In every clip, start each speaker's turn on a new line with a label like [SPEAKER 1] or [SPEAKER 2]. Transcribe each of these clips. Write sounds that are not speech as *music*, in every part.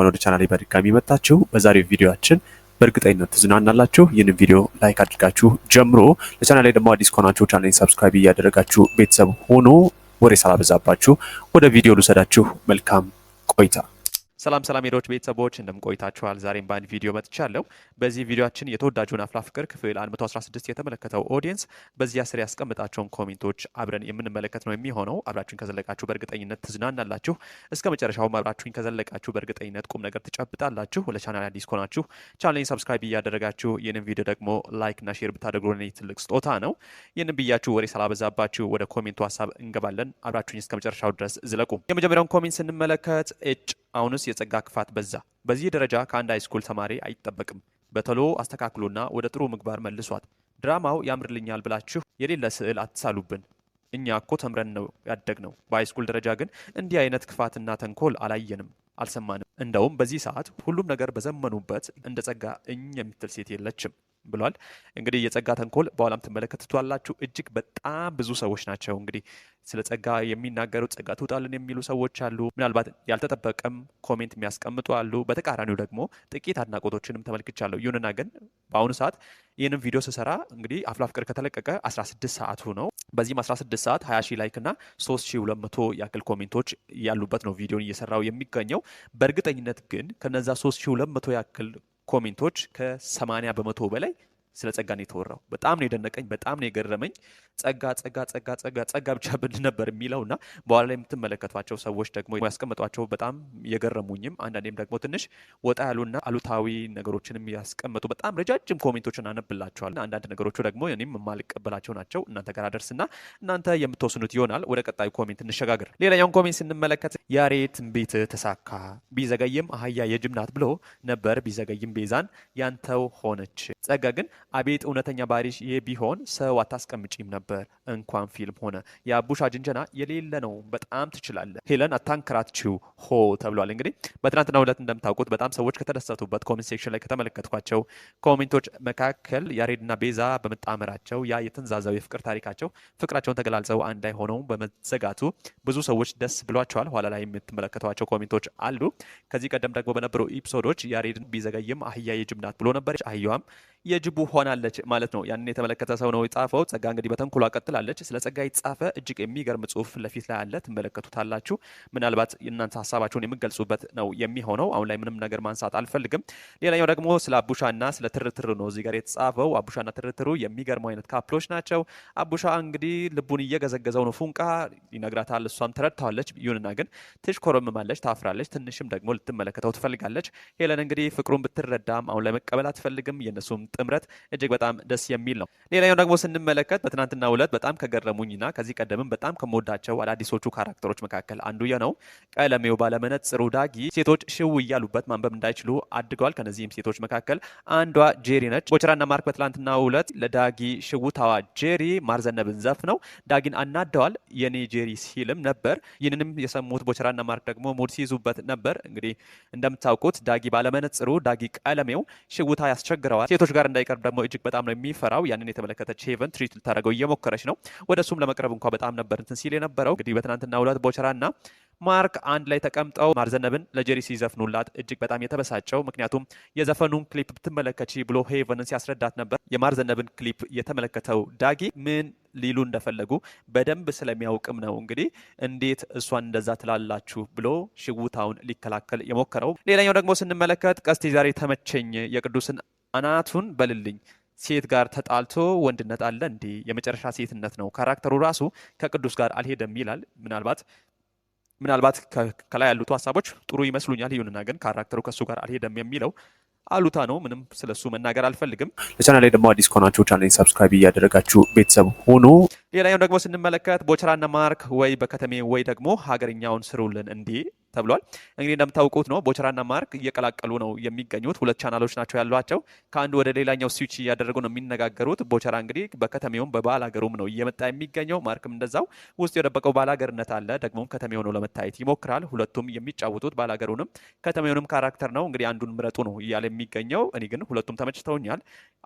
[SPEAKER 1] እንኳን ወደ ቻናሌ በድጋሚ መጣችሁ። በዛሬው ቪዲዮአችን በእርግጠኝነት ትዝናናላችሁ። ይህንን ቪዲዮ ላይክ አድርጋችሁ ጀምሮ ለቻናሌ ደግሞ አዲስ ከሆናችሁ ቻናሌን ሰብስክራይብ እያደረጋችሁ ቤተሰብ ሆኖ ወሬ ሳላበዛባችሁ ወደ ቪዲዮ ልውሰዳችሁ። መልካም ቆይታ ሰላም ሰላም ሄዶች ቤተሰቦች እንደምቆይታችኋል። ዛሬም በአንድ ቪዲዮ መጥቻለሁ። በዚህ ቪዲዮችን የተወዳጁን አፍላ ፍቅር ክፍል 116 የተመለከተው ኦዲየንስ በዚህ ስር ያስቀምጣቸውን ኮሜንቶች አብረን የምንመለከት ነው የሚሆነው። አብራችሁን ከዘለቃችሁ በእርግጠኝነት ትዝናናላችሁ። እስከ መጨረሻውም አብራችሁን ከዘለቃችሁ በእርግጠኝነት ቁም ነገር ትጨብጣላችሁ። ለቻናል አዲስ ከሆናችሁ ቻናሌን ሰብስክራይብ እያደረጋችሁ ይህንን ቪዲዮ ደግሞ ላይክና ሼር ብታደርጉ ለኔ ትልቅ ስጦታ ነው። ይህንን ብያችሁ ወሬ ሳላበዛባችሁ ወደ ኮሜንቱ ሀሳብ እንገባለን። አብራችሁኝ እስከ መጨረሻው ድረስ ዝለቁ። የመጀመሪያውን ኮሜንት ስንመለከት እጭ አሁንስ የጸጋ ክፋት በዛ። በዚህ ደረጃ ከአንድ ሃይስኩል ተማሪ አይጠበቅም። በተሎ አስተካክሎና ወደ ጥሩ ምግባር መልሷት። ድራማው ያምርልኛል ብላችሁ የሌለ ስዕል አትሳሉብን። እኛ እኮ ተምረን ነው ያደግ ነው። በሃይስኩል ደረጃ ግን እንዲህ አይነት ክፋትና ተንኮል አላየንም፣ አልሰማንም። እንደውም በዚህ ሰዓት ሁሉም ነገር በዘመኑበት እንደ ጸጋ እኝ የምትል ሴት የለችም። ብሏል። እንግዲህ የጸጋ ተንኮል በኋላም ትመለከትቷላችሁ እጅግ በጣም ብዙ ሰዎች ናቸው እንግዲህ ስለ ጸጋ የሚናገሩ ጸጋ ትውጣልን የሚሉ ሰዎች አሉ። ምናልባት ያልተጠበቀም ኮሜንት የሚያስቀምጡ አሉ። በተቃራኒው ደግሞ ጥቂት አድናቆቶችንም ተመልክቻለሁ። ይሁንና ግን በአሁኑ ሰዓት ይህንን ቪዲዮ ስሰራ እንግዲህ አፍላ ፍቅር ከተለቀቀ 16 ሰዓቱ ነው። በዚህም 16 ሰዓት 20 ሺህ ላይክ እና 3200 ያክል ኮሜንቶች ያሉበት ነው ቪዲዮን እየሰራው የሚገኘው። በእርግጠኝነት ግን ከነዛ 3200 ያክል ኮሜንቶች ከ80 በመቶ በላይ ስለ ጸጋ ነው የተወራው። በጣም ነው የደነቀኝ፣ በጣም ነው የገረመኝ። ጸጋ ጸጋ ጸጋ ጸጋ ጸጋ ብቻ ብል ነበር የሚለው እና በኋላ ላይ የምትመለከቷቸው ሰዎች ደግሞ ያስቀመጧቸው በጣም የገረሙኝም አንዳንዴም ደግሞ ትንሽ ወጣ ያሉና አሉታዊ ነገሮችንም ያስቀመጡ በጣም ረጃጅም ኮሜንቶችን አነብላቸዋል። አንዳንድ ነገሮቹ ደግሞ እኔም የማልቀበላቸው ናቸው። እናንተ ጋር አደርስና እናንተ የምትወስኑት ይሆናል። ወደ ቀጣዩ ኮሜንት እንሸጋግር። ሌላኛውን ኮሜንት ስንመለከት ያሬት ቤት ተሳካ፣ ቢዘገይም አህያ የጅብ ናት ብሎ ነበር። ቢዘገይም ቤዛን ያንተው ሆነች። ጸጋ ግን አቤት እውነተኛ ባሪሽ ይህ ቢሆን ሰው አታስቀምጪም ነበር። እንኳን ፊልም ሆነ የአቡሽ አጅንጀና የሌለ ነው። በጣም ትችላለ ሄለን አታንከራችው ሆ ተብሏል። እንግዲህ በትናንትናው ዕለት እንደምታውቁት በጣም ሰዎች ከተደሰቱበት ኮሜንት ሴክሽን ላይ ከተመለከትኳቸው ኮሜንቶች መካከል ያሬድና ቤዛ በመጣመራቸው ያ የተንዛዛው የፍቅር ታሪካቸው ፍቅራቸውን ተገላልጸው አንድ ላይ ሆነው በመዘጋቱ ብዙ ሰዎች ደስ ብሏቸዋል። ኋላ ላይ የምትመለከቷቸው ኮሜንቶች አሉ። ከዚህ ቀደም ደግሞ በነበሩ ኢፕሶዶች ያሬድን ቢዘገይም አህያ የጅምናት ብሎ ነበር። አህያዋም የጅቡ ሆናለች ማለት ነው። ያንን የተመለከተ ሰው ነው የጻፈው። ጸጋ እንግዲህ በተንኩሏ ቀጥላለች። ስለ ጸጋ የተጻፈ እጅግ የሚገርም ጽሁፍ ለፊት ላይ አለ፣ ትመለከቱታላችሁ። ምናልባት እናንተ ሀሳባችሁን የምገልጹበት ነው የሚሆነው። አሁን ላይ ምንም ነገር ማንሳት አልፈልግም። ሌላኛው ደግሞ ስለ አቡሻና ስለ ትርትር ነው እዚህ ጋር የተጻፈው። አቡሻና ትርትሩ የሚገርሙ አይነት ካፕሎች ናቸው። አቡሻ እንግዲህ ልቡን እየገዘገዘው ነው፣ ፉንቃ ይነግራታል፣ እሷም ተረድተዋለች። ይሁንና ግን ትሽኮረምማለች፣ ታፍራለች፣ ትንሽም ደግሞ ልትመለከተው ትፈልጋለች። ሄለን እንግዲህ ፍቅሩን ብትረዳም አሁን ላይ መቀበል አትፈልግም የነሱም ጥምረት እጅግ በጣም ደስ የሚል ነው። ሌላኛው ደግሞ ስንመለከት በትናንትናው ዕለት በጣም ከገረሙኝና ከዚህ ቀደምም በጣም ከምወዳቸው አዳዲሶቹ ካራክተሮች መካከል አንዱ የነው ቀለሜው ባለመነጽሩ ዳጊ ሴቶች ሽው እያሉበት ማንበብ እንዳይችሉ አድገዋል። ከነዚህም ሴቶች መካከል አንዷ ጄሪ ነች። ቦቸራና ማርክ በትናንትናው ዕለት ለዳጊ ሽውታዋ ጄሪ ማርዘነብን ዘፍ ነው ዳጊን አናደዋል። የኔ ጄሪ ሲልም ነበር። ይህንንም የሰሙት ቦቸራና ማርክ ደግሞ ሙድ ሲይዙበት ነበር። እንግዲህ እንደምታውቁት ዳጊ ባለመነጽሩ ዳጊ ቀለሜው ሽውታ ያስቸግረዋል። ሴቶች ጋር እንዳይቀርብ ደግሞ እጅግ በጣም ነው የሚፈራው። ያንን የተመለከተች ሄቨን ትሪት ልታደርገው እየሞከረች ነው። ወደ እሱም ለመቅረብ እንኳ በጣም ነበር እንትን ሲል የነበረው። እንግዲህ በትናንትና ሁለት ቦቸራ እና ማርክ አንድ ላይ ተቀምጠው ማርዘነብን ለጄሪ ሲዘፍኑላት እጅግ በጣም የተበሳጨው ምክንያቱም የዘፈኑን ክሊፕ ብትመለከች ብሎ ሄቨንን ሲያስረዳት ነበር። የማርዘነብን ክሊፕ የተመለከተው ዳጊ ምን ሊሉ እንደፈለጉ በደንብ ስለሚያውቅም ነው እንግዲህ እንዴት እሷን እንደዛ ትላላችሁ ብሎ ሽውታውን ሊከላከል የሞከረው። ሌላኛው ደግሞ ስንመለከት ቀስቴ ዛሬ ተመቸኝ የቅዱስን አናቱን በልልኝ ሴት ጋር ተጣልቶ ወንድነት አለ እንዴ? የመጨረሻ ሴትነት ነው። ካራክተሩ ራሱ ከቅዱስ ጋር አልሄደም ይላል። ምናልባት ምናልባት ከላይ ያሉት ሀሳቦች ጥሩ ይመስሉኛል። ይሁንና ግን ካራክተሩ ከእሱ ጋር አልሄደም የሚለው አሉታ ነው። ምንም ስለሱ መናገር አልፈልግም። ለቻና ላይ ደግሞ አዲስ ከሆናችሁ ቻናሌን ሰብስክራይብ እያደረጋችሁ ቤተሰብ ሆኖ ሌላኛው ደግሞ ስንመለከት ቦቸራና ማርክ ወይ በከተሜ ወይ ደግሞ ሀገርኛውን ስሩልን እንዴ ተብሏል። እንግዲህ እንደምታውቁት ነው ቦቸራና ማርክ እየቀላቀሉ ነው የሚገኙት። ሁለት ቻናሎች ናቸው ያሏቸው። ከአንዱ ወደ ሌላኛው ስዊች እያደረጉ ነው የሚነጋገሩት። ቦቸራ እንግዲህ በከተሜውም በባል ሀገሩም ነው እየመጣ የሚገኘው። ማርክም እንደዛው ውስጥ የደበቀው ባል ሀገርነት አለ። ደግሞ ከተሜው ነው ለመታየት ይሞክራል። ሁለቱም የሚጫወቱት ባል ሀገሩንም ከተሜውንም ካራክተር ነው። እንግዲህ አንዱን ምረጡ ነው እያለ የሚገኘው። እኔ ግን ሁለቱም ተመችተውኛል።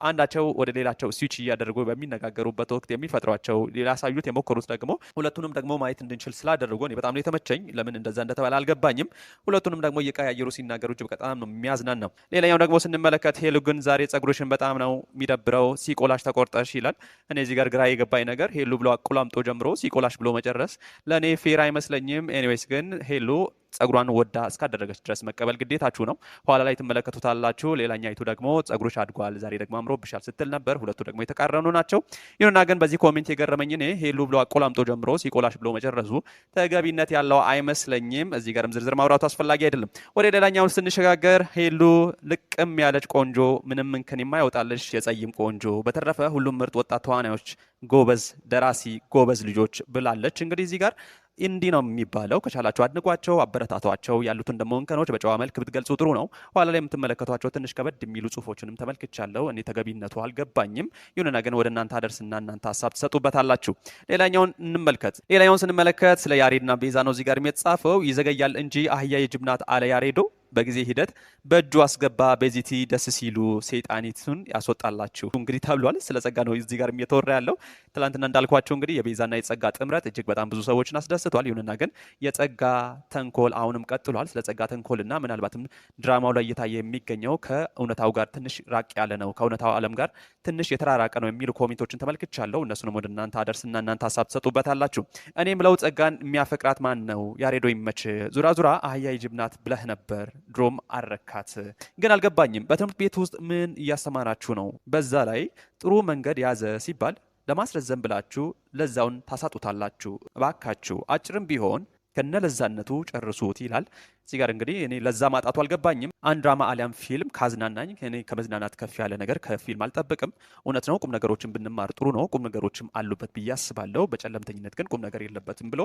[SPEAKER 1] አንዳቸው ወደ ሌላቸው ስዊች እያደረጉ በሚነጋገሩበት ወቅት የሚፈጥሯቸው ሊያሳዩት የሞከሩት ደግሞ ሁለቱንም ደግሞ ማየት እንድንችል ስላደረጉ በጣም ነው የተመቸኝ። ለምን እንደዛ እንደተባለ አልገ አልገባኝም። ሁለቱንም ደግሞ እየቀያየሩ ሲናገሩ እጅግ በጣም ነው የሚያዝናናው። ሌላኛው ደግሞ ስንመለከት ሄሉ ግን ዛሬ ጸጉርሽን በጣም ነው የሚደብረው ሲቆላሽ ተቆርጠሽ ይላል። እኔ እዚህ ጋር ግራ የገባኝ ነገር ሄሉ ብሎ አቁላምጦ ጀምሮ ሲቆላሽ ብሎ መጨረስ ለእኔ ፌር አይመስለኝም። ኤኒዌይስ ግን ሄሉ ጸጉሯን ወዳ እስካደረገች ድረስ መቀበል ግዴታችሁ ነው። ኋላ ላይ ትመለከቱታላችሁ። ሌላኛይቱ ደግሞ ጸጉሮች አድጓል፣ ዛሬ ደግሞ አምሮብሻል ስትል ነበር። ሁለቱ ደግሞ የተቃረኑ ናቸው። ይሁንና ግን በዚህ ኮሜንት የገረመኝ እኔ ሄሉ ብሎ አቆላምጦ ጀምሮ ሲቆላሽ ብሎ መጨረሱ ተገቢነት ያለው አይመስለኝም። እዚህ ጋርም ዝርዝር ማውራቱ አስፈላጊ አይደለም። ወደ ሌላኛውን ስንሸጋገር ሄሉ ልቅም ያለች ቆንጆ፣ ምንም እንከን የማይወጣለች የጸይም ቆንጆ። በተረፈ ሁሉም ምርጥ ወጣት ተዋናዮች፣ ጎበዝ ደራሲ፣ ጎበዝ ልጆች ብላለች። እንግዲህ እዚህ ጋር እንዲህ ነው የሚባለው። ከቻላቸው አድንቋቸው፣ አበረታቷቸው። ያሉትን ደግሞ እንከኖች በጨዋ መልክ ብትገልጹ ጥሩ ነው። ኋላ ላይ የምትመለከቷቸው ትንሽ ከበድ የሚሉ ጽሁፎችንም ተመልክቻለሁ። እኔ ተገቢነቱ አልገባኝም። ይሁንና ግን ወደ እናንተ አደርስና እናንተ ሀሳብ ትሰጡበታላችሁ። ሌላኛውን እንመልከት። ሌላኛውን ስንመለከት ስለ ያሬድና ቤዛ ነው እዚህ ጋር የሚጻፈው። ይዘገያል እንጂ አህያ የጅብናት አለ ያሬዶ በጊዜ ሂደት በእጁ አስገባ። በዚቲ ደስ ሲሉ ሰይጣኒቱን ያስወጣላችሁ እንግዲህ ተብሏል። ስለ ጸጋ ነው እዚህ ጋር እየተወራ ያለው። ትላንትና እንዳልኳቸው እንግዲህ የቤዛና የጸጋ ጥምረት እጅግ በጣም ብዙ ሰዎችን አስደስቷል። ይሁንና ግን የጸጋ ተንኮል አሁንም ቀጥሏል። ስለ ጸጋ ተንኮልና ምናልባትም ድራማው ላይ እየታየ የሚገኘው ከእውነታው ጋር ትንሽ ራቅ ያለ ነው፣ ከእውነታው ዓለም ጋር ትንሽ የተራራቀ ነው የሚሉ ኮሜንቶችን ተመልክቻለሁ። እነሱንም ወደ እናንተ አደርስና እናንተ ሀሳብ ትሰጡበታላችሁ። እኔም ለው ጸጋን የሚያፈቅራት ማን ነው? ያሬዶ ይመች ዙራ ዙራ አህያ ይጅብናት ብለህ ነበር ድሮም አረካት። ግን አልገባኝም፣ በትምህርት ቤት ውስጥ ምን እያስተማራችሁ ነው? በዛ ላይ ጥሩ መንገድ ያዘ ሲባል ለማስረዘም ብላችሁ ለዛውን ታሳጡታላችሁ። እባካችሁ አጭርም ቢሆን ከነ ለዛነቱ ጨርሱት ይላል። እዚህ ጋር እንግዲህ እኔ ለዛ ማጣቱ አልገባኝም። አንድ ድራማ አሊያም ፊልም ካዝናናኝ እኔ ከመዝናናት ከፍ ያለ ነገር ከፊልም አልጠብቅም። እውነት ነው፣ ቁም ነገሮችን ብንማር ጥሩ ነው። ቁም ነገሮችም አሉበት ብዬ አስባለሁ። በጨለምተኝነት ግን ቁም ነገር የለበትም ብሎ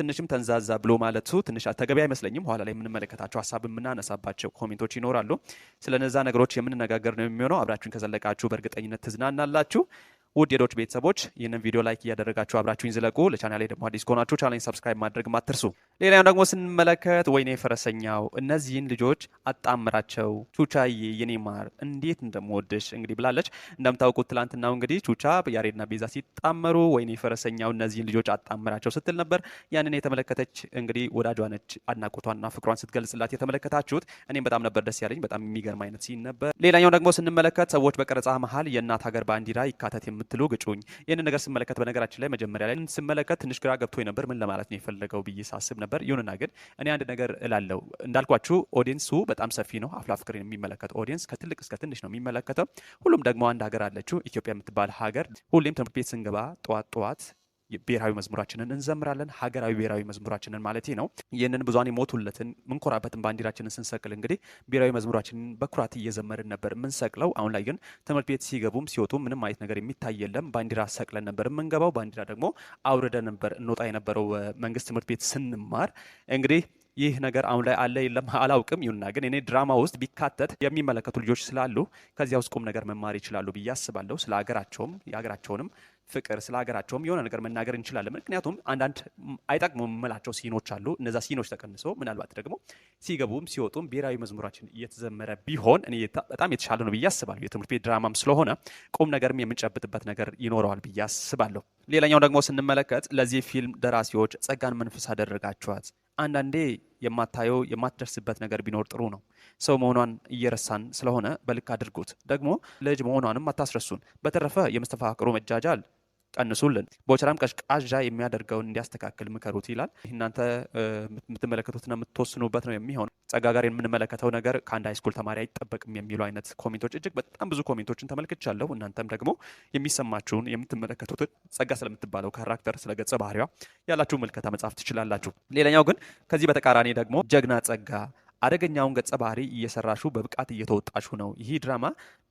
[SPEAKER 1] ትንሽም ተንዛዛ ብሎ ማለቱ ትንሽ ተገቢ አይመስለኝም። ኋላ ላይ የምንመለከታቸው ሀሳብ የምናነሳባቸው ኮሜንቶች ይኖራሉ። ስለነዛ ነገሮች የምንነጋገር ነው የሚሆነው። አብራችሁን ከዘለቃችሁ በእርግጠኝነት ትዝናናላችሁ። ውድ የዶች ቤተሰቦች ይህንን ቪዲዮ ላይክ እያደረጋችሁ አብራችሁኝ ዝለቁ። ላይ ደግሞ አዲስ ከሆናችሁ ቻናሌን ሰብስክራይብ ማድረግ ማትርሱ። ሌላኛው ደግሞ ስንመለከት ወይኔ ፈረሰኛው እነዚህን ልጆች አጣምራቸው ቹቻዬ የኔ ማር እንዴት እንደምወድሽ እንግዲህ ብላለች። እንደምታውቁት ትላንትናው እንግዲህ ቹቻ ያሬድና ቤዛ ሲጣመሩ ወይኔ ፈረሰኛው እነዚህን ልጆች አጣምራቸው ስትል ነበር። ያንን የተመለከተች እንግዲህ ወዳጇ ነች አድናቆቷና ፍቅሯን ስትገልጽላት የተመለከታችሁት። እኔም በጣም ነበር ደስ ያለኝ። በጣም የሚገርም አይነት ሲን ነበር። ሌላኛው ደግሞ ስንመለከት ሰዎች በቀረጻ መሀል የእናት ሀገር ባንዲራ ይካተት የምት የምትሉ ግጩኝ። ይህን ነገር ስመለከት በነገራችን ላይ መጀመሪያ ላይ ስመለከት ትንሽ ግራ ገብቶኝ ነበር። ምን ለማለት ነው የፈለገው ብዬ ሳስብ ነበር። ይሁንና ግን እኔ አንድ ነገር እላለው እንዳልኳችሁ ኦዲየንሱ በጣም ሰፊ ነው። አፍላ ፍቅርን የሚመለከት ኦዲየንስ ከትልቅ እስከ ትንሽ ነው የሚመለከተው። ሁሉም ደግሞ አንድ ሀገር አለችው ኢትዮጵያ የምትባል ሀገር። ሁሌም ትምህርት ቤት ስንገባ ጠዋት ጠዋት ብሔራዊ መዝሙራችንን እንዘምራለን። ሀገራዊ ብሔራዊ መዝሙራችንን ማለት ነው። ይህንን ብዙን የሞቱለትን ምንኮራበትን ባንዲራችንን ስንሰቅል እንግዲህ ብሔራዊ መዝሙራችንን በኩራት እየዘመርን ነበር የምንሰቅለው። አሁን ላይ ግን ትምህርት ቤት ሲገቡም ሲወጡ ምንም አይነት ነገር የሚታይ የለም። ባንዲራ ሰቅለን ነበር የምንገባው። ባንዲራ ደግሞ አውርደን ነበር እንወጣ የነበረው መንግስት ትምህርት ቤት ስንማር እንግዲህ ይህ ነገር አሁን ላይ አለ የለም *laughs* አላውቅም። ይሁንና ግን እኔ ድራማ ውስጥ ቢካተት የሚመለከቱ ልጆች ስላሉ ከዚያ ውስጥ ቁም ነገር መማር ይችላሉ ብዬ አስባለሁ። ስለ ሀገራቸውም የሀገራቸውንም ፍቅር፣ ስለ ሀገራቸውም የሆነ ነገር መናገር እንችላለን። ምክንያቱም አንዳንድ አይጠቅሙ የምላቸው ሲኖች አሉ። እነዛ ሲኖች ተቀንሰው ምናልባት ደግሞ ሲገቡም ሲወጡም ብሔራዊ መዝሙራችን እየተዘመረ ቢሆን እኔ በጣም የተሻለ ነው ብዬ አስባለሁ። የትምህርት ቤት ድራማም ስለሆነ ቁም ነገርም የምንጨብጥበት ነገር ይኖረዋል ብዬ አስባለሁ። ሌላኛው ደግሞ ስንመለከት ለዚህ ፊልም ደራሲዎች ጸጋን መንፈስ አደረጋቸዋት። አንዳንዴ የማታየው የማትደርስበት ነገር ቢኖር ጥሩ ነው። ሰው መሆኗን እየረሳን ስለሆነ በልክ አድርጉት። ደግሞ ልጅ መሆኗንም አታስረሱን። በተረፈ የመስተፋቅሩ መጃጃል ቀንሱልን፣ ቦቸራም ቀዥቃዣ የሚያደርገውን እንዲያስተካክል ምከሩት ይላል። ይህ እናንተ የምትመለከቱትና የምትወስኑበት ነው የሚሆነው። ጸጋ ጋር የምንመለከተው ነገር ከአንድ ሃይስኩል ተማሪ አይጠበቅም የሚሉ አይነት ኮሜንቶች እጅግ በጣም ብዙ ኮሜንቶችን ተመልክቻለሁ። እናንተም ደግሞ የሚሰማችሁን የምትመለከቱትን ጸጋ ስለምትባለው ካራክተር ስለ ገጸ ባህሪዋ ያላችሁ ምልከታ መጻፍ ትችላላችሁ። ሌላኛው ግን ከዚህ በተቃራኒ ደግሞ ጀግና ጸጋ አደገኛውን ገጸ ባህሪ እየሰራሹ በብቃት እየተወጣሹ ነው። ይህ ድራማ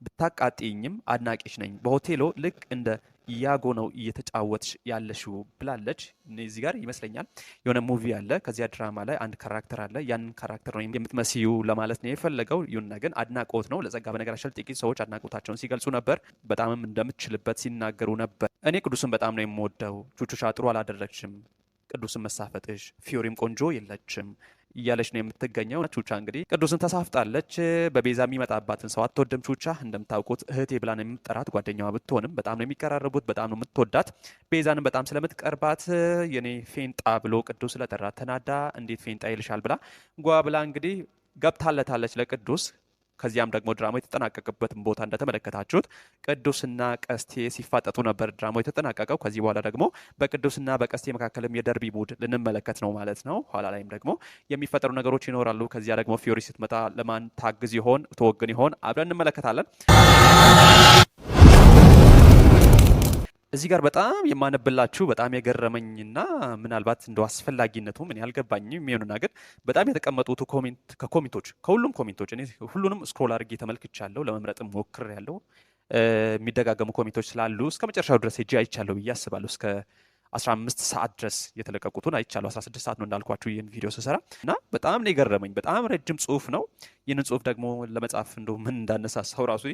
[SPEAKER 1] ብታቃጥኝም አድናቂሽ ነኝ። በሆቴሎ ልክ እንደ ያጎ ነው እየተጫወትሽ ያለሽው ብላለች። እዚህ ጋር ይመስለኛል የሆነ ሙቪ አለ፣ ከዚያ ድራማ ላይ አንድ ካራክተር አለ። ያንን ካራክተር ነው የምትመስዩ ለማለት ነው የፈለገው። ይሁንና ግን አድናቆት ነው ለጸጋ። በነገራችን ጥቂት ሰዎች አድናቆታቸውን ሲገልጹ ነበር፣ በጣምም እንደምትችልበት ሲናገሩ ነበር። እኔ ቅዱስን በጣም ነው የምወደው። ቹቹሻ ጥሩ አላደረግችም፣ ቅዱስን መሳፈጥሽ። ፊዮሪም ቆንጆ የለችም እያለች ነው የምትገኘው። ቹቻ እንግዲህ ቅዱስን ተሳፍጣለች። በቤዛ የሚመጣባትን ሰው አትወድም። ቹቻ እንደምታውቁት እህቴ ብላን የምጠራት ጓደኛዋ ብትሆንም በጣም ነው የሚቀራረቡት፣ በጣም ነው የምትወዳት። ቤዛንም በጣም ስለምትቀርባት የኔ ፌንጣ ብሎ ቅዱስ ለጠራት ተናዳ እንዴት ፌንጣ ይልሻል ብላ ጓ ብላ እንግዲህ ገብታለታለች ለቅዱስ ከዚያም ደግሞ ድራማው የተጠናቀቅበትን ቦታ እንደተመለከታችሁት ቅዱስና ቀስቴ ሲፋጠጡ ነበር ድራማው የተጠናቀቀው። ከዚህ በኋላ ደግሞ በቅዱስና በቀስቴ መካከልም የደርቢ ሙድ ልንመለከት ነው ማለት ነው። ኋላ ላይም ደግሞ የሚፈጠሩ ነገሮች ይኖራሉ። ከዚያ ደግሞ ፊዮሪ ስትመጣ ለማን ታግዝ ይሆን ትወግን ይሆን አብረን እንመለከታለን። እዚህ ጋር በጣም የማነብላችሁ በጣም የገረመኝና ምናልባት እንደ አስፈላጊነቱ ምን ያልገባኝ የሚሆንና ግን በጣም የተቀመጡት ኮሜንት ከኮሜንቶች ከሁሉም ኮሜንቶች እኔ ሁሉንም ስክሮል አድርጌ ተመልክቻለሁ፣ ለመምረጥም ያለው የሚደጋገሙ ኮሜንቶች ስላሉ እስከ መጨረሻው ድረስ ሄጄ አይቻለሁ ብዬ አስባለሁ እስከ 15 ሰዓት ድረስ የተለቀቁትን አይቻለሁ። 16 ሰዓት ነው እንዳልኳችሁ ይህን ቪዲዮ ስሰራ እና በጣም ነው የገረመኝ። በጣም ረጅም ጽሁፍ ነው። ይህንን ጽሁፍ ደግሞ ለመጻፍ እንደ ምን እንዳነሳሳው ራሱ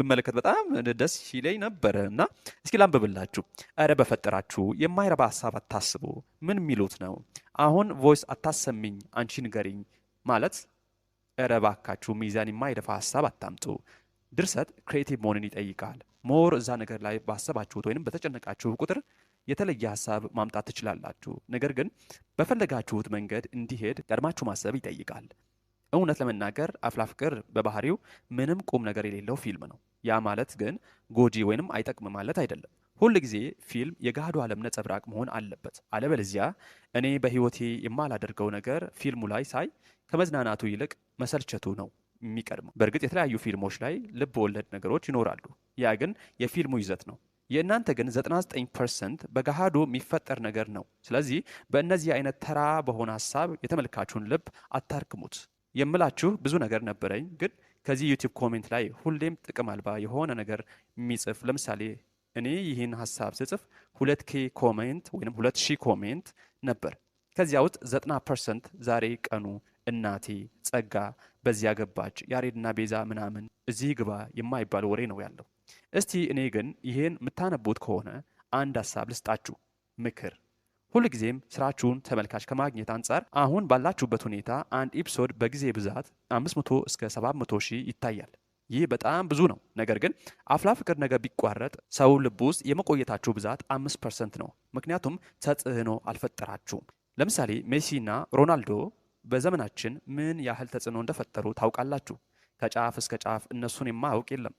[SPEAKER 1] ብመለከት በጣም ደስ ይለኝ ነበረ እና እስኪ ላንብብላችሁ። እረ በፈጠራችሁ የማይረባ ሀሳብ አታስቡ። ምን የሚሉት ነው? አሁን ቮይስ አታሰሚኝ አንቺ ንገሪኝ ማለት እረ ባካችሁ ሚዛን የማይደፋ ሀሳብ አታምጡ። ድርሰት ክሬቲቭ መሆንን ይጠይቃል። ሞር እዛ ነገር ላይ ባሰባችሁት ወይም በተጨነቃችሁ ቁጥር የተለየ ሀሳብ ማምጣት ትችላላችሁ። ነገር ግን በፈለጋችሁት መንገድ እንዲሄድ ቀድማችሁ ማሰብ ይጠይቃል። እውነት ለመናገር አፍላ ፍቅር በባህሪው ምንም ቁም ነገር የሌለው ፊልም ነው። ያ ማለት ግን ጎጂ ወይንም አይጠቅም ማለት አይደለም። ሁል ጊዜ ፊልም የገሃዱ ዓለም ነጸብራቅ መሆን አለበት። አለበለዚያ እኔ በህይወቴ የማላደርገው ነገር ፊልሙ ላይ ሳይ ከመዝናናቱ ይልቅ መሰልቸቱ ነው የሚቀድመው። በእርግጥ የተለያዩ ፊልሞች ላይ ልብ ወለድ ነገሮች ይኖራሉ። ያ ግን የፊልሙ ይዘት ነው። የእናንተ ግን 99 ፐርሰንት በገሃዱ የሚፈጠር ነገር ነው። ስለዚህ በእነዚህ አይነት ተራ በሆነ ሀሳብ የተመልካቹን ልብ አታርክሙት። የምላችሁ ብዙ ነገር ነበረኝ፣ ግን ከዚህ ዩቲዩብ ኮሜንት ላይ ሁሌም ጥቅም አልባ የሆነ ነገር የሚጽፍ ለምሳሌ እኔ ይህን ሀሳብ ስጽፍ ሁለት ኬ ኮሜንት ወይም ሁለት ሺህ ኮሜንት ነበር። ከዚያ ውስጥ 90 ፐርሰንት ዛሬ ቀኑ እናቴ ጸጋ በዚያ ገባች ያሬድና ቤዛ ምናምን እዚህ ግባ የማይባል ወሬ ነው ያለው። እስቲ እኔ ግን ይሄን የምታነቡት ከሆነ አንድ ሀሳብ ልስጣችሁ፣ ምክር። ሁልጊዜም ስራችሁን ተመልካች ከማግኘት አንጻር አሁን ባላችሁበት ሁኔታ አንድ ኤፒሶድ በጊዜ ብዛት 500 እስከ 700 ሺህ ይታያል። ይህ በጣም ብዙ ነው። ነገር ግን አፍላ ፍቅር ነገር ቢቋረጥ ሰው ልብ ውስጥ የመቆየታችሁ ብዛት አምስት ፐርሰንት ነው። ምክንያቱም ተጽዕኖ አልፈጠራችሁም። ለምሳሌ ሜሲና ሮናልዶ በዘመናችን ምን ያህል ተጽዕኖ እንደፈጠሩ ታውቃላችሁ? ከጫፍ እስከ ጫፍ እነሱን የማያውቅ የለም።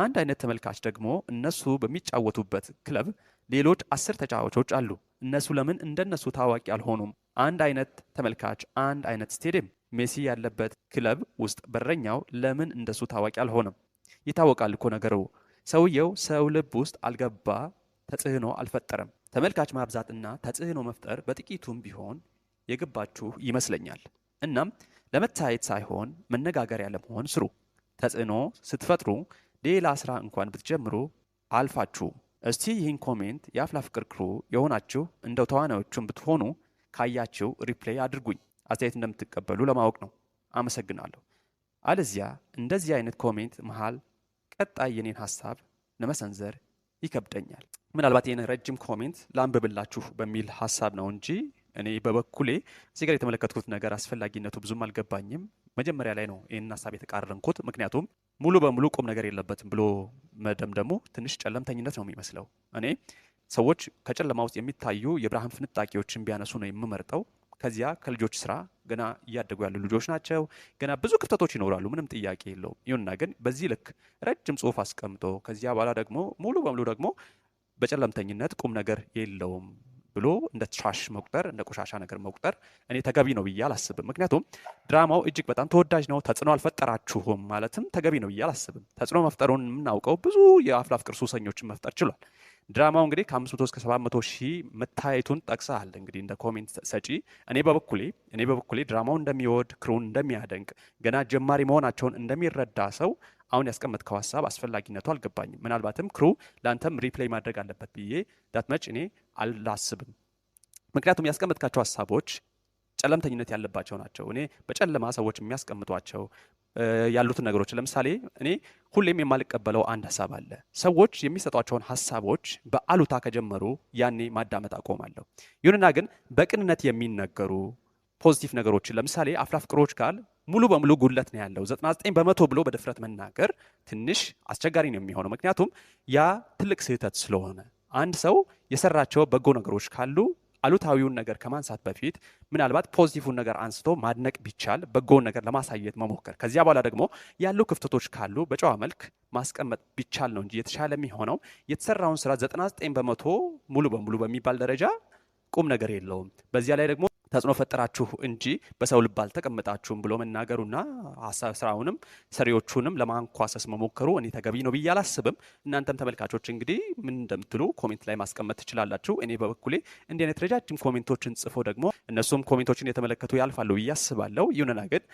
[SPEAKER 1] አንድ አይነት ተመልካች ደግሞ እነሱ በሚጫወቱበት ክለብ ሌሎች አስር ተጫዋቾች አሉ። እነሱ ለምን እንደነሱ ታዋቂ አልሆኑም? አንድ አይነት ተመልካች፣ አንድ አይነት ስቴዲየም። ሜሲ ያለበት ክለብ ውስጥ በረኛው ለምን እንደሱ ታዋቂ አልሆነም? ይታወቃል እኮ ነገሩ። ሰውየው ሰው ልብ ውስጥ አልገባ፣ ተጽዕኖ አልፈጠረም። ተመልካች ማብዛትና ተጽዕኖ መፍጠር በጥቂቱም ቢሆን የገባችሁ ይመስለኛል። እናም ለመታየት ሳይሆን መነጋገሪያ ለመሆን ስሩ። ተጽዕኖ ስትፈጥሩ ሌላ ስራ እንኳን ብትጀምሩ አልፋችሁ። እስቲ ይህን ኮሜንት የአፍላ ፍቅር ክሩ የሆናችሁ እንደው ተዋናዮቹን ብትሆኑ ካያችሁ ሪፕሌይ አድርጉኝ። አስተያየት እንደምትቀበሉ ለማወቅ ነው። አመሰግናለሁ። አለዚያ እንደዚህ አይነት ኮሜንት መሃል ቀጣይ የኔን ሀሳብ ለመሰንዘር ይከብደኛል። ምናልባት ይህን ረጅም ኮሜንት ላንብብላችሁ በሚል ሀሳብ ነው እንጂ እኔ በበኩሌ እዚህ ጋር የተመለከትኩት ነገር አስፈላጊነቱ ብዙም አልገባኝም። መጀመሪያ ላይ ነው ይህን ሀሳብ የተቃረንኩት፣ ምክንያቱም ሙሉ በሙሉ ቁም ነገር የለበትም ብሎ መደም ደግሞ ትንሽ ጨለምተኝነት ነው የሚመስለው። እኔ ሰዎች ከጨለማ ውስጥ የሚታዩ የብርሃን ፍንጣቂዎችን ቢያነሱ ነው የምመርጠው። ከዚያ ከልጆች ስራ ገና እያደጉ ያሉ ልጆች ናቸው። ገና ብዙ ክፍተቶች ይኖራሉ፣ ምንም ጥያቄ የለውም። ይሁንና ግን በዚህ ልክ ረጅም ጽሁፍ አስቀምጦ ከዚያ በኋላ ደግሞ ሙሉ በሙሉ ደግሞ በጨለምተኝነት ቁም ነገር የለውም ብሎ እንደ ትራሽ መቁጠር እንደ ቆሻሻ ነገር መቁጠር እኔ ተገቢ ነው ብዬ አላስብም። ምክንያቱም ድራማው እጅግ በጣም ተወዳጅ ነው። ተጽዕኖ አልፈጠራችሁም ማለትም ተገቢ ነው ብዬ አላስብም። ተጽዕኖ መፍጠሩን የምናውቀው ብዙ የአፍላ ፍቅር ሱሰኞችን መፍጠር ችሏል። ድራማው እንግዲህ ከ500 እስከ 700 ሺህ መታየቱን ጠቅሰሃል። እንግዲህ እንደ ኮሜንት ሰጪ እኔ በበኩሌ እኔ በበኩሌ ድራማው እንደሚወድ ክሩን እንደሚያደንቅ ገና ጀማሪ መሆናቸውን እንደሚረዳ ሰው አሁን ያስቀመጥከው ሀሳብ አስፈላጊነቱ አልገባኝም። ምናልባትም ክሩ ለአንተም ሪፕሌይ ማድረግ አለበት ብዬ ዳትመጭ እኔ አላስብም። ምክንያቱም ያስቀመጥካቸው ሀሳቦች ጨለምተኝነት ያለባቸው ናቸው። እኔ በጨለማ ሰዎች የሚያስቀምጧቸው ያሉትን ነገሮች ለምሳሌ እኔ ሁሌም የማልቀበለው አንድ ሀሳብ አለ። ሰዎች የሚሰጧቸውን ሀሳቦች በአሉታ ከጀመሩ ያኔ ማዳመጥ አቆማለሁ። ይሁንና ግን በቅንነት የሚነገሩ ፖዚቲቭ ነገሮችን ለምሳሌ አፍራፍቅሮች ካል ሙሉ በሙሉ ጉድለት ነው ያለው 99 በመቶ ብሎ በድፍረት መናገር ትንሽ አስቸጋሪ ነው የሚሆነው። ምክንያቱም ያ ትልቅ ስህተት ስለሆነ አንድ ሰው የሰራቸው በጎ ነገሮች ካሉ አሉታዊውን ነገር ከማንሳት በፊት ምናልባት ፖዚቲቭን ነገር አንስቶ ማድነቅ ቢቻል በጎውን ነገር ለማሳየት መሞከር፣ ከዚያ በኋላ ደግሞ ያሉ ክፍተቶች ካሉ በጨዋ መልክ ማስቀመጥ ቢቻል ነው እንጂ የተሻለ የሚሆነው የተሰራውን ስራ 99 በመቶ ሙሉ በሙሉ በሚባል ደረጃ ቁም ነገር የለውም። በዚያ ላይ ደግሞ ተጽዕኖ ፈጠራችሁ እንጂ በሰው ልብ አልተቀመጣችሁም ብሎ መናገሩና ስራውንም ሰሪዎቹንም ለማንኳሰስ መሞከሩ እኔ ተገቢ ነው ብዬ አላስብም። እናንተም ተመልካቾች እንግዲህ ምን እንደምትሉ ኮሜንት ላይ ማስቀመጥ ትችላላችሁ። እኔ በበኩሌ እንዲህ አይነት ረጃጅም ኮሜንቶችን ጽፎ ደግሞ እነሱም ኮሜንቶችን የተመለከቱ ያልፋሉ ብዬ አስባለሁ። ይሁንና ግን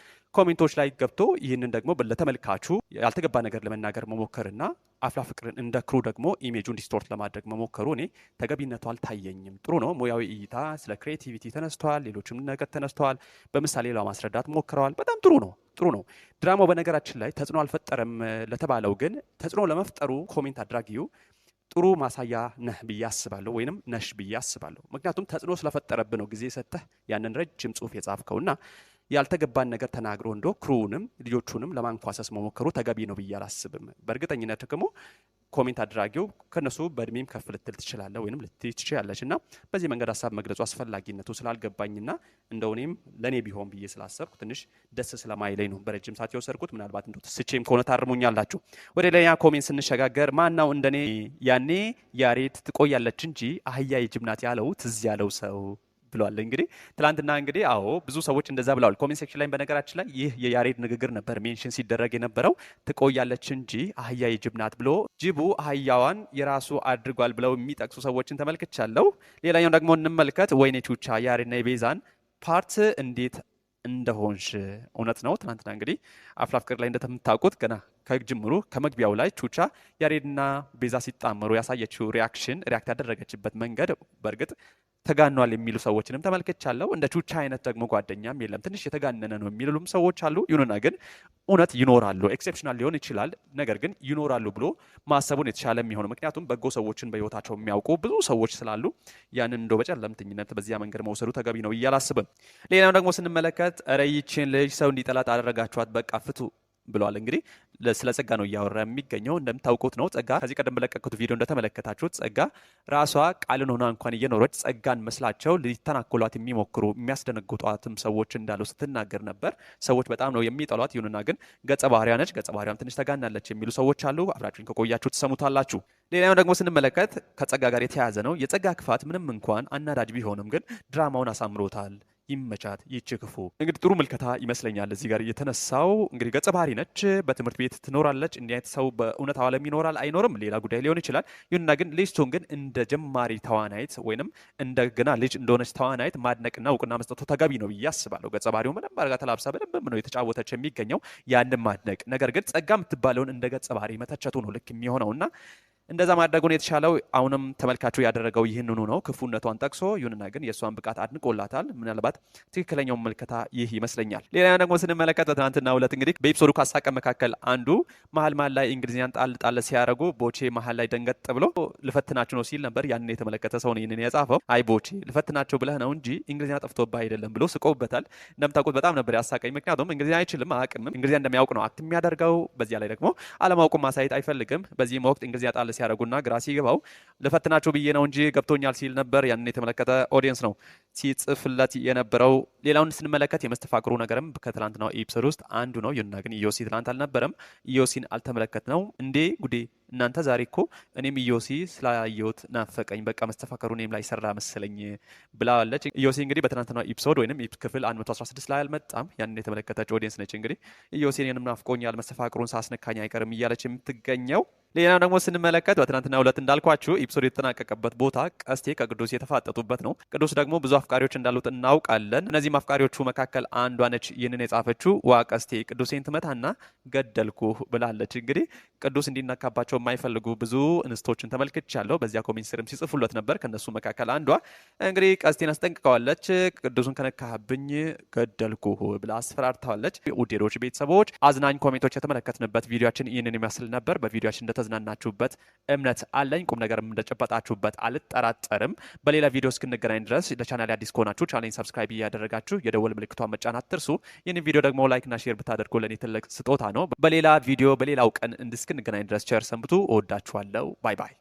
[SPEAKER 1] ኮሜንቶች ላይ ገብቶ ይህንን ደግሞ ለተመልካቹ ያልተገባ ነገር ለመናገር መሞከርና አፍላ ፍቅርን እንደ ክሩ ደግሞ ኢሜጁን ዲስቶርት ለማድረግ መሞከሩ እኔ ተገቢነቱ አልታየኝም። ጥሩ ነው። ሙያዊ እይታ ስለ ክሬቲቪቲ ተነስተዋል። ሌሎችም ነገር ተነስተዋል። በምሳሌ ለማስረዳት ሞክረዋል። በጣም ጥሩ ነው። ጥሩ ነው። ድራማው በነገራችን ላይ ተጽዕኖ አልፈጠረም ለተባለው ግን ተጽዕኖ ለመፍጠሩ ኮሜንት አድራጊው ጥሩ ማሳያ ነህ ብዬ አስባለሁ፣ ወይንም ነሽ ብዬ አስባለሁ። ምክንያቱም ተጽዕኖ ስለፈጠረብ ነው ጊዜ ሰጥተህ ያንን ረጅም ጽሁፍ የጻፍከውና ያልተገባን ነገር ተናግሮ እንዶ ክሩውንም ልጆቹንም ለማንኳሰስ መሞከሩ ተገቢ ነው ብዬ አላስብም። በእርግጠኝነት ደግሞ ኮሜንት አድራጊው ከነሱ በእድሜም ከፍ ልትል ትችላለ ወይም ልትይ ትችላለች እና በዚህ መንገድ ሀሳብ መግለጹ አስፈላጊነቱ ስላልገባኝና እንደው እኔም ለእኔ ቢሆን ብዬ ስላሰብኩ ትንሽ ደስ ስለማይለኝ ነው በረጅም ሰዓት የወሰድኩት። ምናልባት እንደ ትስቼም ከሆነ ታርሙኛላችሁ። ወደ ሌላ ኮሜንት ስንሸጋገር ማናው እንደኔ ያኔ ያሬድ ትቆያለች እንጂ አህያ የጅብ ናት ያለው ትዝ ያለው ሰው ብሏል እንግዲህ ትላንትና እንግዲህ አዎ ብዙ ሰዎች እንደዛ ብለዋል። ኮሜንት ሴክሽን ላይ በነገራችን ላይ ይህ የያሬድ ንግግር ነበር ሜንሽን ሲደረግ የነበረው ትቆያለች እንጂ አህያ የጅብ ናት ብሎ ጅቡ አህያዋን የራሱ አድርጓል ብለው የሚጠቅሱ ሰዎችን ተመልክቻለሁ። ሌላኛው ደግሞ እንመልከት። ወይኔ ቹቻ ያሬድና የቤዛን ፓርት እንዴት እንደሆንሽ እውነት ነው። ትናንትና እንግዲህ አፍላ ፍቅር ላይ እንደምታውቁት ገና ከጅምሩ ከመግቢያው ላይ ቹቻ ያሬድና ቤዛ ሲጣመሩ ያሳየችው ሪያክሽን ሪያክት ያደረገችበት መንገድ በእርግጥ ተጋኗል የሚሉ ሰዎችንም ተመልክቻለሁ። እንደ ቹቻ አይነት ደግሞ ጓደኛም የለም፣ ትንሽ የተጋነነ ነው የሚሉም ሰዎች አሉ። ይሁንና ግን እውነት ይኖራሉ። ኤክሴፕሽናል ሊሆን ይችላል፣ ነገር ግን ይኖራሉ ብሎ ማሰቡን የተሻለ የሚሆነው ምክንያቱም በጎ ሰዎችን በህይወታቸው የሚያውቁ ብዙ ሰዎች ስላሉ ያንን እንደ በጨለምተኝነት በዚያ መንገድ መውሰዱ ተገቢ ነው እያላስብም። ሌላው ደግሞ ስንመለከት ረይችን ልጅ ሰው እንዲጠላት አደረጋችኋት፣ በቃ ፍቱ ብለዋል። እንግዲህ ስለ ጸጋ ነው እያወራ የሚገኘው። እንደምታውቁት ነው ጸጋ ከዚህ ቀደም በለቀቅኩት ቪዲዮ እንደተመለከታችሁት ጸጋ ራሷ ቃልን ሆና እንኳን እየኖረች ጸጋን መስላቸው ሊተናኮሏት የሚሞክሩ የሚያስደነግጧትም ሰዎች እንዳሉ ስትናገር ነበር። ሰዎች በጣም ነው የሚጠሏት። ይሁንና ግን ገጸ ባህሪያ ነች፣ ገጸ ባህሪያም ትንሽ ተጋናለች የሚሉ ሰዎች አሉ። አብራችሁኝ ከቆያችሁ ትሰሙታላችሁ። ሌላኛው ደግሞ ስንመለከት ከጸጋ ጋር የተያያዘ ነው። የጸጋ ክፋት ምንም እንኳን አናዳጅ ቢሆንም ግን ድራማውን አሳምሮታል። ይመቻት ይች ክፉ። እንግዲህ ጥሩ ምልከታ ይመስለኛል እዚህ ጋር የተነሳው። እንግዲህ ገጸ ባህሪ ነች፣ በትምህርት ቤት ትኖራለች። እንዲህ አይነት ሰው በእውነት ዓለም ይኖራል አይኖርም፣ ሌላ ጉዳይ ሊሆን ይችላል። ይሁንና ግን ልጅቱን ግን እንደ ጀማሪ ተዋናይት ወይንም እንደገና ልጅ እንደሆነች ተዋናይት ማድነቅና እውቅና መስጠቱ ተገቢ ነው ብዬ አስባለሁ። ገጸ ባህሪውን በደንብ አድርጋ ተላብሳ በደንብ ነው የተጫወተች የሚገኘው፣ ያንን ማድነቅ ነገር ግን ጸጋ የምትባለውን እንደ ገጸ ባህሪ መተቸቱ ነው ልክ የሚሆነውና እንደዛ ማድረጉን የተሻለው አሁንም ተመልካቹ ያደረገው ይህንኑ ነው። ክፉነቷን ጠቅሶ ይሁንና ግን የእሷን ብቃት አድንቆላታል። ምናልባት ትክክለኛው መልከታ ይህ ይመስለኛል። ሌላ ደግሞ ስንመለከት በትናንትና ሁለት እንግዲህ በኤፒሶዱ ካሳቀ መካከል አንዱ መሀል መሀል ላይ እንግሊዝኛን ጣል ጣል ሲያደርጉ ቦቼ መሀል ላይ ደንገጥ ብሎ ልፈትናችሁ ነው ሲል ነበር። ያንን የተመለከተ ሰው ነው ይህንን የጻፈው። አይ ቦቼ ልፈትናቸው ብለህ ነው እንጂ እንግሊዝኛ ጠፍቶብህ አይደለም ብሎ ስቆውበታል። እንደምታውቁት በጣም ነበር ያሳቀኝ። ምክንያቱም እንግሊዝኛ አይችልም፣ አያውቅም። እንግሊዝኛ እንደሚያውቅ ነው አክት የሚያደርገው። በዚያ ላይ ደግሞ አለማውቁ ማሳየት አይፈልግም። በዚህም ወቅት እንግሊዝኛ ጣል ሲያደርጉና ግራ ሲገባው ልፈትናቸው ብዬ ነው እንጂ ገብቶኛል ሲል ነበር። ያንን የተመለከተ ኦዲየንስ ነው ሲጽፍለት የነበረው። ሌላውን ስንመለከት የመስተፋቅሩ ነገርም ከትላንትናው ኤፒሶድ ውስጥ አንዱ ነው። ይሁንና ግን ኢዮሲ ትላንት አልነበረም። ኢዮሲን አልተመለከት ነው እንዴ ጉዴ እናንተ ዛሬ እኮ እኔም ኢዮሲ ስላየሁት ናፈቀኝ፣ በቃ መስተፋከሩ እኔም ላይ ሰራ መሰለኝ ብላለች። ኢዮሲ እንግዲህ በትናንትና ኢፕሶድ ወይም ክፍል 116 ላይ አልመጣም። ያንን የተመለከተች ኦዲየንስ ነች እንግዲህ ኢዮሲ እኔንም ናፍቆኛል፣ መስተፋቅሩን ሳስነካኝ አይቀርም እያለች የምትገኘው ሌላው ደግሞ ስንመለከት በትናንትና ሁለት እንዳልኳችሁ ኢፕሶድ የተጠናቀቀበት ቦታ ቀስቴ ከቅዱስ የተፋጠጡበት ነው። ቅዱስ ደግሞ ብዙ አፍቃሪዎች እንዳሉት እናውቃለን። እነዚህም አፍቃሪዎቹ መካከል አንዷ ነች ይህንን የጻፈችው። ዋ ቀስቴ ቅዱሴን ትመታና ገደልኩ ብላለች። እንግዲህ ቅዱስ እንዲነካባቸው የማይፈልጉ ብዙ እንስቶችን ተመልክቻለሁ። በዚያ ኮሜንት ስርም ሲጽፉለት ነበር። ከነሱ መካከል አንዷ እንግዲህ ቀስቴን አስጠንቅቀዋለች። ቅዱሱን ከነካህብኝ ገደልኩህ ብላ አስፈራርታዋለች። ውዴዶች ቤተሰቦች፣ አዝናኝ ኮሜንቶች የተመለከትንበት ቪዲዮችን ይህንን የሚያስል ነበር። በቪዲዮችን እንደተዝናናችሁበት እምነት አለኝ። ቁም ነገርም እንደጨበጣችሁበት አልጠራጠርም። በሌላ ቪዲዮ እስክንገናኝ ድረስ ለቻናል አዲስ ከሆናችሁ ቻናሌን ሰብስክራይብ እያደረጋችሁ የደወል ምልክቷን መጫን አትርሱ። ይህንን ቪዲዮ ደግሞ ላይክና ሼር ብታደርጉ ለእኔ ትልቅ ስጦታ ነው። በሌላ ቪዲዮ በሌላው ቀን እንድስክንገናኝ ድረስ ቸር ሰንብቱ። እንድትመለከቱ እወዳችኋለሁ። ባይ ባይ።